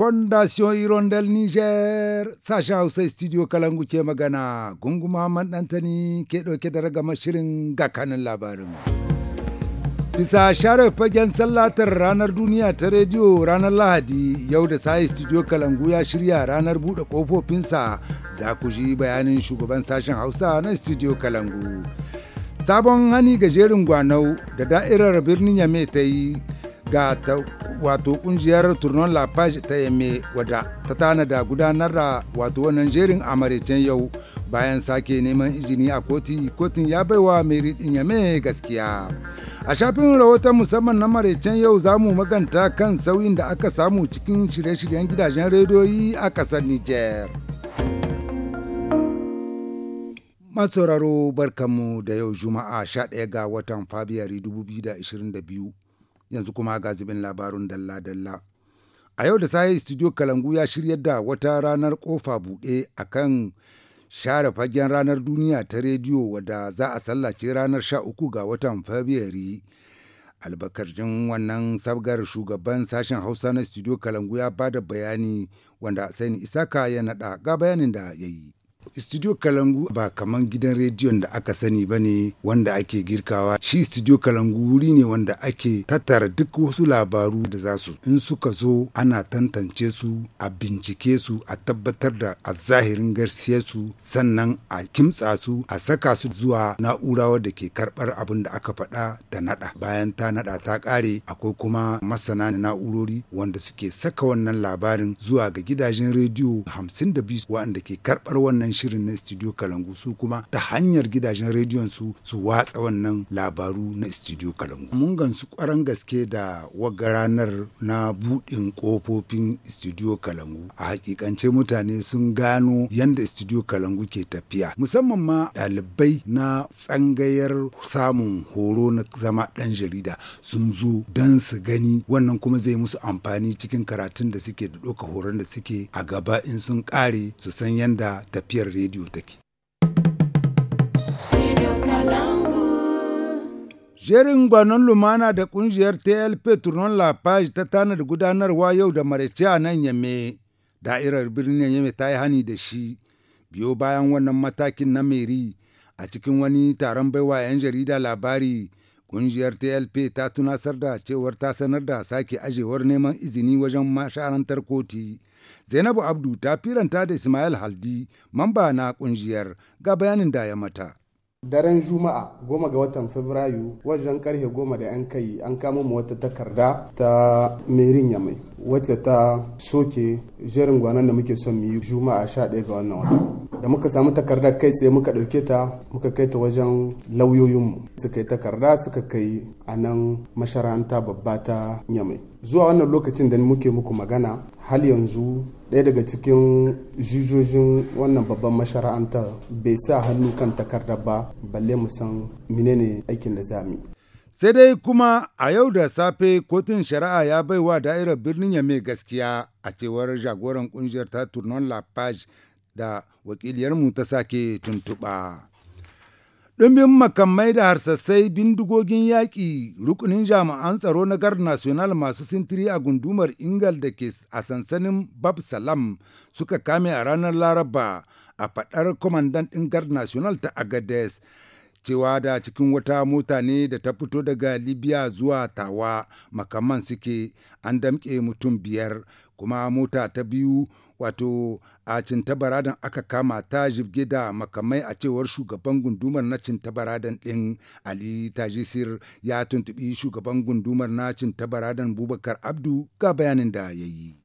fondation irondel niger sasha hausa studio kalangu ke magana gungu muhammad dantani ke ɗauke da ragama shirin gakanin labarin bisa share fagen sallatar ranar duniya ta rediyo ranar lahadi yau da sai studio kalangu ya shirya ranar buɗe ƙofofinsa za ku ji bayanin shugaban sashen hausa na studio kalangu sabon hani ga gwanau da da'irar birnin yame ta yi ga wato kungiyar turnon la page ta yame wada ta tanada gudanar da wato wannan jerin amarecen yau bayan sake neman izini a koti kotun ya baiwa mai ridin yame gaskiya a shafin rahoton musamman na maraicen yau za mu maganta kan sauyin da aka samu cikin shirye-shiryen gidajen rediyoyi a ƙasar niger masauraro barkanmu da yau juma'a 11 ga watan fabiyari 2022 yanzu kuma ga zubin labarun dalla-dalla. A yau da saye studio Kalangu ya shirya da wata ranar kofa buɗe a kan share fagen ranar duniya ta rediyo wadda za a sallace ranar sha uku ga watan Fabrairu. Albarkacin wannan sabgar shugaban sashen Hausa na studio Kalangu ya ba da bayani wanda Saini Isaka ya naɗa ga bayanin da ya yi. studio kalangu ba kamar gidan rediyon da aka sani ba ne wanda ake girkawa shi studio kalangu wuri ne wanda ake tattara duk wasu labaru da za su in suka zo ana tantance su a bincike su a tabbatar da a zahirin su sannan a kimtsa su a saka su zuwa na'ura wadda ke karbar abin da aka faɗa da nada bayan ta nada ta kare akwai kuma masana na'urori wanda suke saka wannan labarin zuwa ga gidajen rediyo waɗanda ke karbar wannan kan shirin na studio kalangu su kuma ta hanyar gidajen rediyon su su watsa wannan labaru na studio kalangu mun gansu kwaran gaske da waga ranar na buɗin ƙofofin studio kalangu a hakikance mutane sun gano yadda studio kalangu ke tafiya musamman ma ɗalibai na tsangayar samun horo na zama ɗan jarida sun zo don su gani wannan kuma zai musu amfani cikin karatun da suke da ɗauka horon da suke a gaba in sun kare su san yadda tafiya ƙungiyar rediyo take. Jerin gwanon lumana da kungiyar TLP Tournon La Page ta tanar gudanarwa yau da maraice a nan Yame, da'irar birnin Yame ta yi hani da shi, biyo bayan wannan matakin na Meri a cikin wani taron baiwa 'yan jarida labari Ƙungiyar TLP ta tunasar da cewar ta sanar da sake ajewar neman izini wajen masharantar koti. Zainabu Abdu ta firanta da Ismail Haldi, mamba na ƙungiyar, ga bayanin da ya mata. daren juma'a goma ga watan fabrairu wajen karfe goma da yan kai an kama mu wata takarda ta merin yamai wacce ta soke jerin gwanan da muke son mu yi juma'a sha ɗaya ga wannan wata da muka samu takarda kai tsaye muka ɗauke ta muka kai ta wajen lauyoyinmu suka yi takarda suka kai a nan masharanta babba ta yamai zuwa wannan lokacin da muke muku magana hal yanzu ɗaya daga cikin jujojin wannan babban mashara'anta bai sa hannu kan takarda ba balle mu san menene aikin da zami sai dai kuma a yau da safe kotun shari'a ya bai wa da'irar birnin mai gaskiya a cewar jagoran kungiyar ta turnon page da wakiliyarmu ta sake tuntuɓa. Ɗumbin makamai da harsassai bindigogin yaƙi rukunin jami'an tsaro na gar national masu sintiri a gundumar Ingal da ke a sansanin Bab Salam suka kame a ranar Laraba a faɗar kwamandan ɗin gar national ta Agades. cewa da cikin wata mota ne da ta fito daga libya zuwa tawa makaman suke an damƙe mutum biyar kuma mota ta biyu wato a cintabaradan aka kama ta jibge da makamai a cewar shugaban gundumar na cintabaradan ɗin ali tajisir ya tuntubi shugaban gundumar na cintabaradan bubakar abdu ga bayanin da ya yi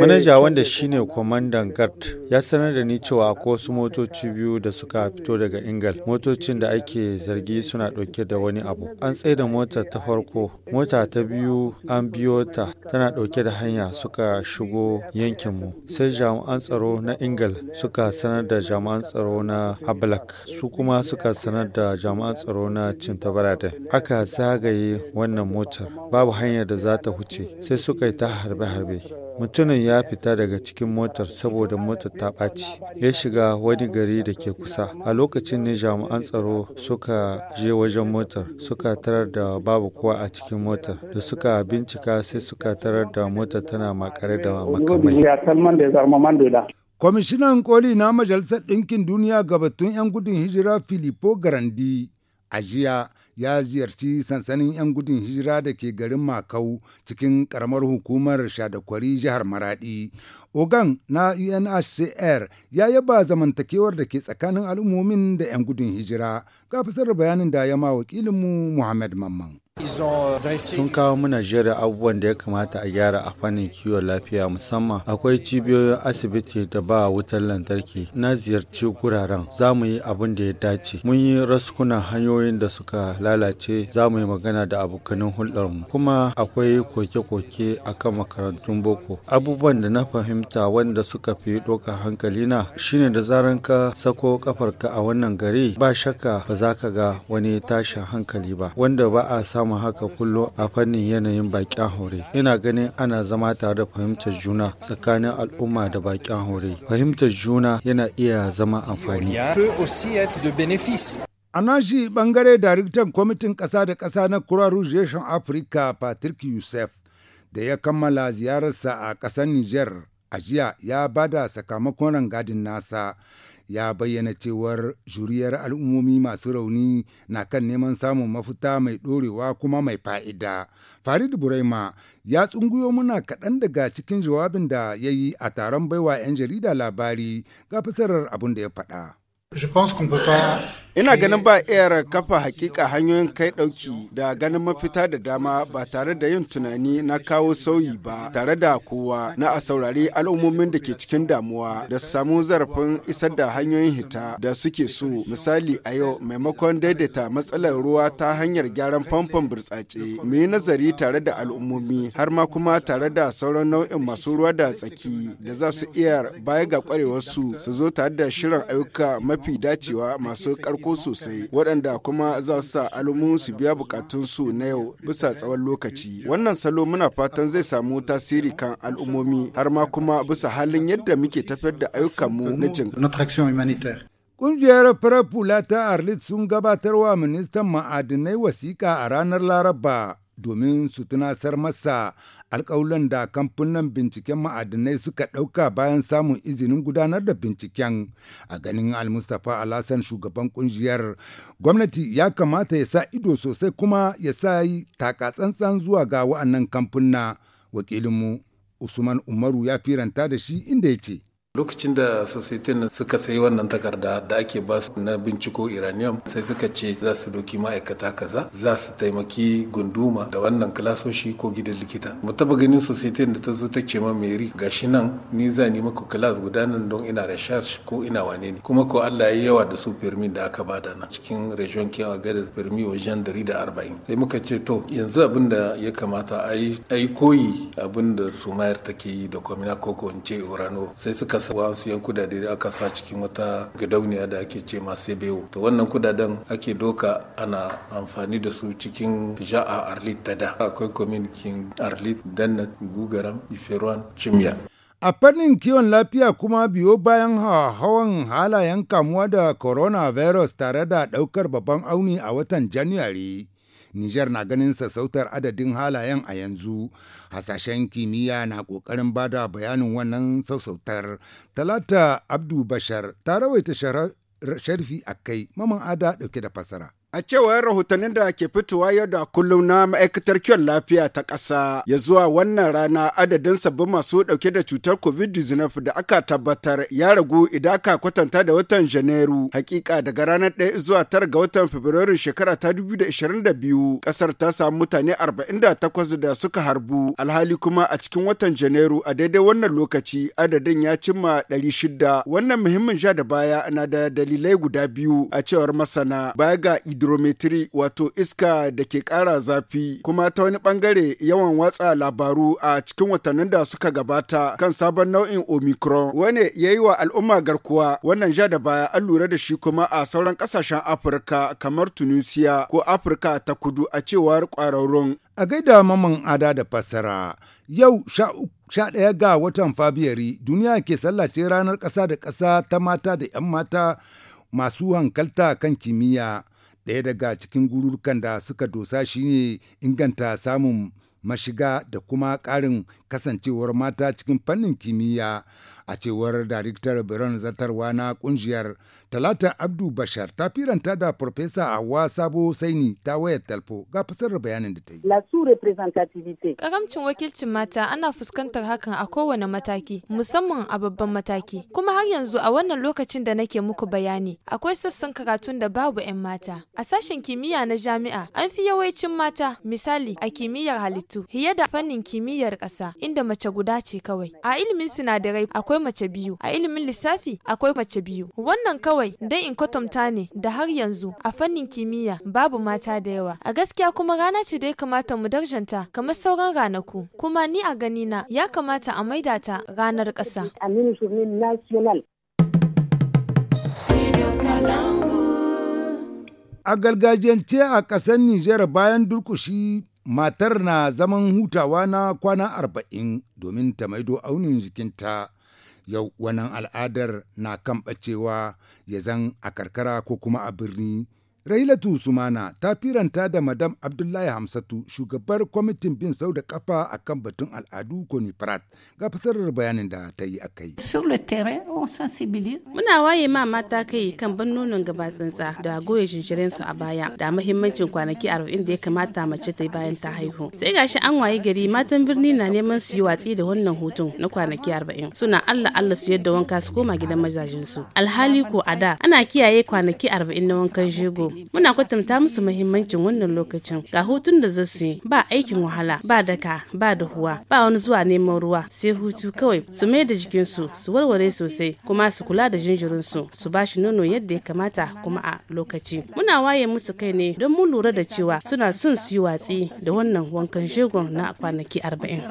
Manaja wanda shine kwamandan GARD ya sanar da ni cewa ko wasu motoci biyu da suka fito daga Ingal, motocin da ake zargi suna ɗauke da wani abu. An tsaida mota ta farko, mota ta biyu an biyo ta tana ɗauke da hanya suka shigo yankinmu. Sai jami'an tsaro na Ingal suka sanar da jami'an tsaro na Ablak, su kuma suka sanar da jami'an tsaro na Cintabarade. Aka zagaye wannan motar, babu hanyar da za ta huce, sai suka yi ta harbe harbe shi. Mutumin ya fita daga cikin motar saboda motar ta ɓaci. Ya shiga wani gari da ke kusa. A lokacin ne jami'an tsaro suka je wajen motar suka tarar da babu kowa a cikin motar da suka bincika sai suka tarar da motar tana makare da makamai. Kwamishinan koli na Majalisar Ɗinkin Duniya gabatun 'yan gudun hijira filipo Garandi a jiya ya ziyarci sansanin 'yan gudun hijira da ke garin Makau cikin karamar hukumar Shadakwari jihar Maradi. Ogan na UNHCR ya yaba zamantakewar da ke tsakanin al'ummomin da 'yan gudun hijira. Ga fasar bayanin da ya ma wakilinmu Muhammad Mamman. Euh, Sun kawo mana Najeriya abubuwan da ya kamata a gyara a fannin kiwon lafiya musamman akwai cibiyoyin asibiti da ba wutar lantarki na ziyarci guraren za mu yi abin da ya dace. Mun yi raskunan hanyoyin da suka lalace za mu yi magana da abokanin hulɗarmu kuma akwai koke-koke a kan makarantun boko. Abubuwan da na fahimta wanda suka fi ɗaukar hankali na shine da zaran ka sako kafarka a wannan gari ba shakka ba za ka ga wani tashin hankali ba wanda ba a samun samun haka kullum a fannin yanayin bakin hore Ina ganin ana zama tare da fahimtar juna tsakanin al'umma da bakin hore Fahimtar juna yana iya zama amfani. A nashi bangare daraktan kwamitin ƙasa da ƙasa na Kura Rouge Africa Patrick Youssef da ya kammala ziyararsa a ƙasar Niger a jiya ya bada sakamakon rangadin nasa ya bayyana cewar juriyar al'ummomi masu rauni na kan neman samun mafita mai ɗorewa kuma mai fa'ida. Farid Buraima ya tsunguyo muna kaɗan daga cikin jawabin da ya yi a taron baiwa 'yan jarida labari ga fasarar abin da ya faɗa. Je pense qu'on Ina ganin ba iyar kafa hakika hanyoyin kai dauki da ganin mafita da dama ba tare da yin tunani na kawo sauyi ba tare da kowa na a saurari al'ummomin da ke cikin damuwa da su samu zarafin isar da hanyoyin hita da suke so misali a yau maimakon daidaita matsalar ruwa ta hanyar gyaran famfon burtsatse mu yi nazari tare da al'ummomi har ma kuma tare da sauran nau'in masu ruwa da tsaki da za su iya baya ga kwarewar su su zo tare da shirin ayyuka mafi dacewa masu karko taimako sosai waɗanda kuma za su sa alumu su biya bukatun su na yau bisa tsawon lokaci. Wannan salo muna fatan zai samu tasiri kan al'ummomi har ma kuma bisa halin yadda muke tafiyar da ayyukanmu na jin. Ƙungiyar Farafula ta Arlit sun gabatar wa ministan ma'adinai wasiƙa a ranar Laraba. domin su tunasar masa alƙawulan da kamfunan binciken ma'adinai suka ɗauka bayan samun izinin gudanar da binciken a ganin almustapha alasan shugaban kungiyar gwamnati ya kamata ya sa ido sosai kuma ya sa yi takatsantsan zuwa ga wa'annan kamfuna wakilinmu usman umaru ya firanta da shi inda ya ce lokacin da sosaitin suka sayi wannan takarda da ake ba su na binciko iranium sai suka ce za su doki ma'aikata kaza za su taimaki gunduma da wannan kilasoshi ko gidan likita mu taba ganin sosaitin da ta zo ta ce ma meri gashi nan ni za ni maku kilas gudanar don ina research ko ina wane ne kuma ko Allah ya yawa da su firmin da aka bada nan cikin region kewa gada firmi wajen arba'in. sai muka ce to yanzu abin da ya kamata a yi koyi abin da sumayar take yi da kwamina ko ko in ce urano sai suka sa wasu yan kudade da aka sa cikin wata gadauniya da ake ce masu bewo to wannan kudaden ake doka ana amfani da su cikin ja'a arlit ta da akwai kominikin arlit danna gugaram iferuwan cimya a fannin kiwon lafiya kuma biyo bayan hawan halayen kamuwa da coronavirus tare da ɗaukar babban auni a watan january Nijar na ganin sassautar adadin halayen a yanzu hasashen kimiyya na ƙoƙarin bada bayanin wannan sassautar talata abdu bashar ta rawaita sharfi a kai maman ada ɗauke da fasara A cewar rahotannin da ke fitowa yau da kullum na ma'aikatar kiwon lafiya ta ƙasa ya zuwa wannan rana adadin sabbin masu ɗauke da cutar COVID-19 da aka tabbatar ya ragu idan aka kwatanta da watan Janairu. Hakika daga ranar ɗaya, zuwa 9 ga watan fabrairu shekara ta 2022 ƙasar ta samu mutane 48 da suka harbu. Alhali kuma a cikin watan Janairu a daidai wannan lokaci adadin ya cimma 600. Wannan muhimmin ja da baya na da dalilai guda biyu a cewar masana baya ga ido hydrometry wato iska da ke ƙara zafi kuma ta wani bangare yawan watsa labaru a cikin watannin da suka gabata kan sabon nau'in omicron wani ya yi wa al'umma garkuwa wannan ja da baya an lura da shi kuma a sauran ƙasashen afirka kamar tunisia ko afirka ta kudu a cewar ƙwararrun a gaida maman ada da fassara yau sha ɗaya ga watan fabiyari duniya ke sallace ranar ƙasa da ƙasa ta mata da 'yan mata masu hankalta kan kimiyya ɗaya daga cikin gururukan da suka dosa shine inganta samun mashiga da kuma ƙarin kasancewar mata cikin fannin kimiyya a cewar daraktar biron zartarwa na ƙungiyar Talata Abdu Bashar ta firanta da Farfesa Awa Sabo Saini ta wayar talfo ga fasarar bayanin da ta yi. La Karamcin wakilcin mata ana fuskantar hakan a kowane mataki, musamman a babban mataki. Kuma har yanzu a wannan lokacin da nake muku bayani, akwai sassan karatun da babu 'yan mata. A sashen kimiyya na jami'a, an fi yawancin mata, misali a kimiyyar halittu, fiye da fannin kimiyyar ƙasa, inda mace guda ce kawai. A ilimin sinadarai akwai mace biyu, a ilimin lissafi akwai mace biyu. Wannan kawai kawai dai in kwatanta ne da har yanzu a fannin kimiyya babu mata da yawa. A gaskiya kuma rana ce da ya kamata mu darjanta kamar sauran ranaku. Kuma ni a ganina ya kamata a maida ta ranar ƙasa. A gargajiyance a ƙasar Nijar bayan durkushi matar na zaman hutawa na kwana arba'in domin ta maido aunin jikinta yau wannan al'adar na kan ɓacewa ya zan a karkara ko kuma a birni Railatu Sumana ta firanta da Madam Abdullahi Hamsatu shugabar kwamitin bin sau da kafa a kan batun al'adu Konifrat ga fasarar bayanin da ta yi a kai. Muna waye ma mata kai kan ban nonon gaba tsantsa da goye jinjirin su a baya da muhimmancin kwanaki arba'in da ya kamata mace ta yi bayan ta haihu. Sai gashi an waye gari matan birni na neman su yi watsi da wannan hutun na kwanaki arba'in suna Allah Allah su yadda wanka su koma gidan mazajen su. Alhali ko a da ana kiyaye kwanaki arba'in na wankan jego muna kwatanta musu muhimmancin wannan lokacin ga hutun da zasu yi ba aikin wahala ba daka ba da huwa ba wani zuwa neman ruwa sai hutu kawai su mai da jikinsu su warware sosai kuma su kula da jinjirinsu su ba shi nono yadda ya kamata kuma a lokaci muna waye musu kai ne don mu lura da cewa suna son su yi watsi da wannan wankan shegon na kwanaki arba'in.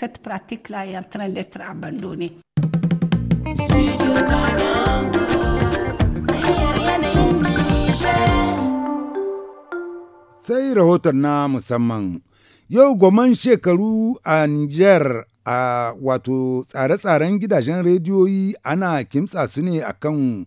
rahoton na musamman. Yau goman shekaru a Nijar a wato tsare-tsaren gidajen rediyoyi ana kimtsa su ne akan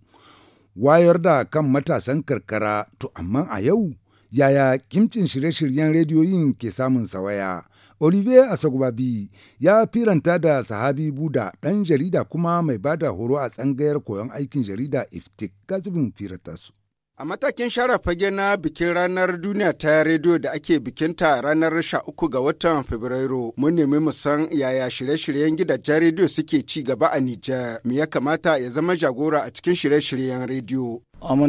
wayar da kan matasan karkara to amma a yau yaya kimcin shirye-shiryen rediyoyin ke samun sawaya. Olivier asagubabi ya firanta da Sahabi Buda ɗan jarida kuma mai ba da horo a tsangayar koyon aikin jarida Iftik gazubin firata su. A matakin shara fage na bikin ranar duniya ta rediyo da ake bikinta ranar 13 ga watan Fabrairu, mun nemi mu san yaya shirye-shiryen gidajen rediyo suke ci gaba a Nijar, me ya kamata ya zama jagora a cikin shirye-shiryen rediyo. A gani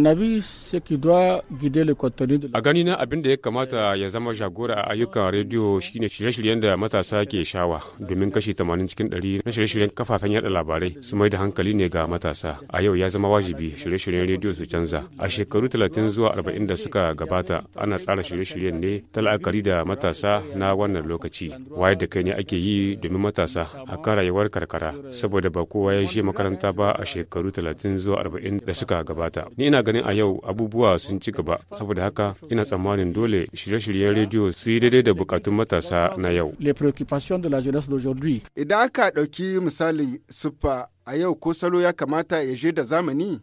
na abin da ya kamata ya zama jagora a ayyukan rediyo shine shirye-shiryen da matasa ke shawa domin kashi 80 cikin 100 na shirye-shiryen kafafen yada labarai su mai da hankali ne ga matasa. A yau ya zama wajibi shirye-shiryen rediyo su canza. A shekaru 30 zuwa 40 da suka gabata ana tsara shirye-shiryen ne ta la'akari da matasa na wannan lokaci. Wayar da kai ne ake yi domin matasa a kan rayuwar karkara saboda ba kowa ya je makaranta ba a shekaru 30 zuwa 40 da suka gabata. ina ganin a yau abubuwa sun ci gaba saboda haka ina tsammanin dole shirye-shiryen rediyo su yi daidai da bukatun matasa na yau. Idan aka ɗauki misali siffa a yau ko salo ya kamata ya je da zamani?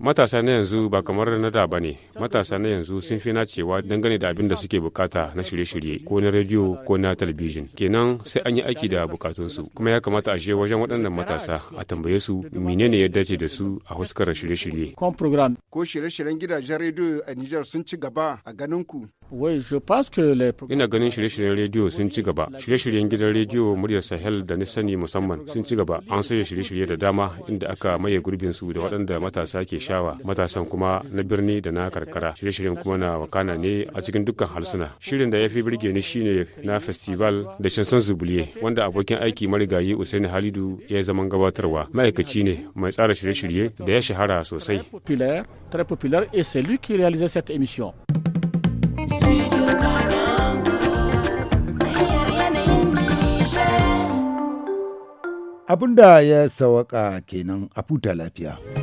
Matasa na yanzu ba kamar na da ba ne. Matasa na yanzu sun fi na cewa dangane da abin da suke bukata na shirye-shirye ko na rediyo ko na talabijin. Kenan sai an yi aiki da bukatunsu. Kuma ya kamata a je wajen waɗannan matasa a tambaye su menene ya dace da su a huskar shirye-shirye. Ko shirye-shiryen gidajen rediyo a Nijar sun ci gaba a ganin ku. Ina ganin shirye-shiryen rediyo sun ci gaba. Shirye-shiryen gidan rediyo muryar Sahel da ni sani musamman sun ci gaba. An sauya shirye-shirye da dama inda aka maye gurbin su da waɗanda matasa ke shawa, matasan kuma na birni da na karkara. Shirye-shiryen kuma na wakana ne a cikin dukkan harsuna. Shirin da ya fi birge ni shine na festival da shansan zubuliye wanda abokin aiki marigayi Usaini Halidu ya zaman gabatarwa. Ma'aikaci ne mai tsara shirye-shirye da ya shahara sosai. Abin ya sawaka kenan a futa lafiya.